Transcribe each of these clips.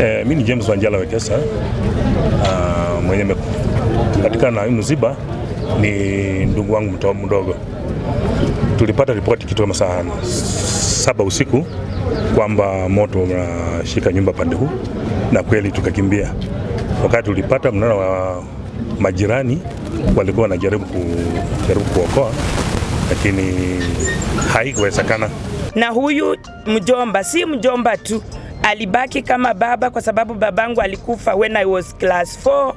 Eh, mimi ni James Wanjala Wekesa uh, mwenye patikana na Mziba, ni ndugu wangu mdogo. Tulipata ripoti kitu kama saa saba usiku kwamba moto unashika nyumba pande huu, na kweli tukakimbia. Wakati tulipata mnara wa majirani walikuwa wanajaribu kujaribu kuokoa, lakini haikuwezekana. Na huyu mjomba si mjomba tu alibaki kama baba, kwa sababu babangu alikufa when I was class 4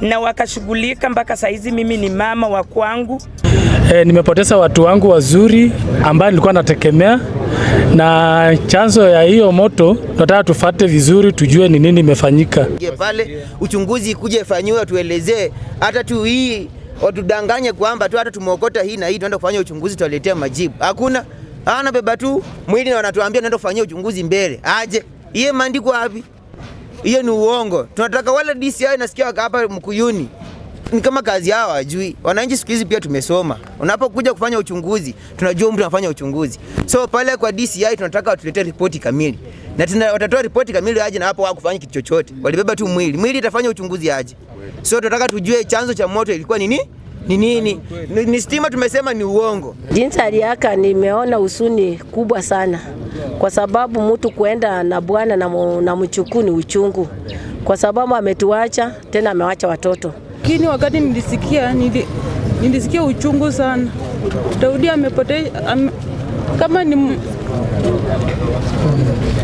na wakashughulika mpaka hizi mimi ni mama wa kwangu. E, nimepoteza watu wangu wazuri ambao nilikuwa nategemea, na chanzo ya hiyo moto tunataka tufate vizuri, tujue ni nini imefanyika. Pale uchunguzi kuje ifanyiwe, tuelezee hata tu hii watudanganye kwamba tu hata tumeokota hii na hii, tuenda kufanya uchunguzi, tuwaletea majibu. Hakuna. Ana beba tu mwili na wanatuambia naenda kufanyia uchunguzi mbele. Aje. Iye maandiko wapi? Hiyo ni uongo. Tunataka wale DCI nasikia waka hapa Mkuyuni. Ni kama kazi yao hawajui. Wananchi siku hizi pia tumesoma. Unapokuja kufanya uchunguzi, tunajua mtu anafanya uchunguzi. So pale kwa DCI tunataka watuletee ripoti kamili. Na tena watatoa ripoti kamili aje na hapo hawakufanya kitu chochote. Walibeba tu mwili. Mwili itafanya uchunguzi aje. So tunataka tujue chanzo cha moto ilikuwa nini? ni nini? Ni, ni stima tumesema ni uongo. Jinsi aliaka nimeona usuni kubwa sana, kwa sababu mtu kuenda na bwana na mchukuu ni uchungu, kwa sababu ametuacha tena amewacha watoto. Lakini wakati nilisikia nili, nilisikia uchungu sana. Daudi amepotea am, kama ni